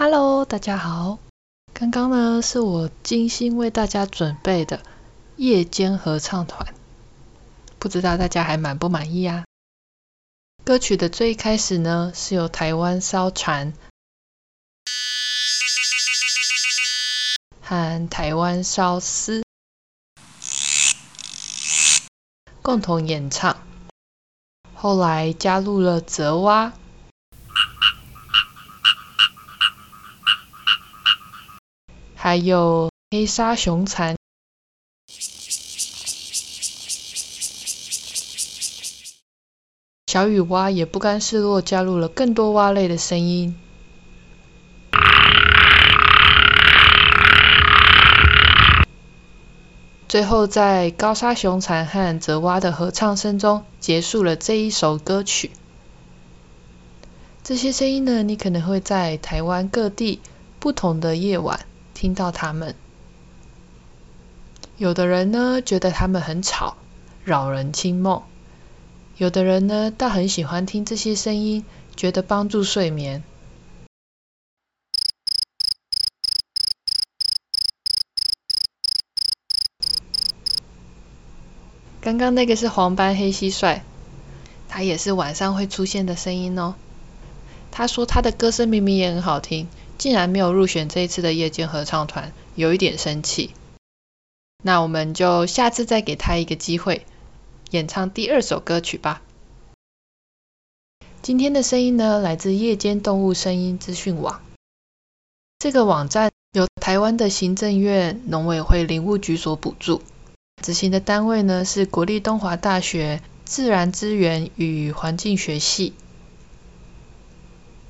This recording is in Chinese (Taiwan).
Hello，大家好。剛剛呢是我精心為大家準備的夜間合唱團，不知道大家還滿不滿意啊？歌曲的最開始呢是由台灣騷蟬和台灣騷蟴共同演唱，後來加入了澤蛙。還有黑砂熊蟬，小雨蛙也不甘示弱，加入了更多蛙類的聲音。最後，在高砂熊蟬和澤蛙的合唱聲中，結束了這一首歌曲。這些聲音呢，你可能會在台灣各地不同的夜晚，聽到他們，有的人呢覺得他們很吵，擾人清夢；有的人呢倒很喜歡聽這些聲音，覺得幫助睡眠。剛剛那個是黃斑黑蟋蟀，它也是晚上會出現的聲音哦。它說它的歌聲明明也很好聽。竟然沒有入選這一次的夜間合唱團，有一點生氣。那我們就下次再給他一個機會，演唱第二首歌曲吧。今天的聲音呢，來自夜間動物聲音資訊網。這個網站由台灣的行政院農委會林務局所補助，執行的單位呢，是國立東華大學自然資源與環境學系。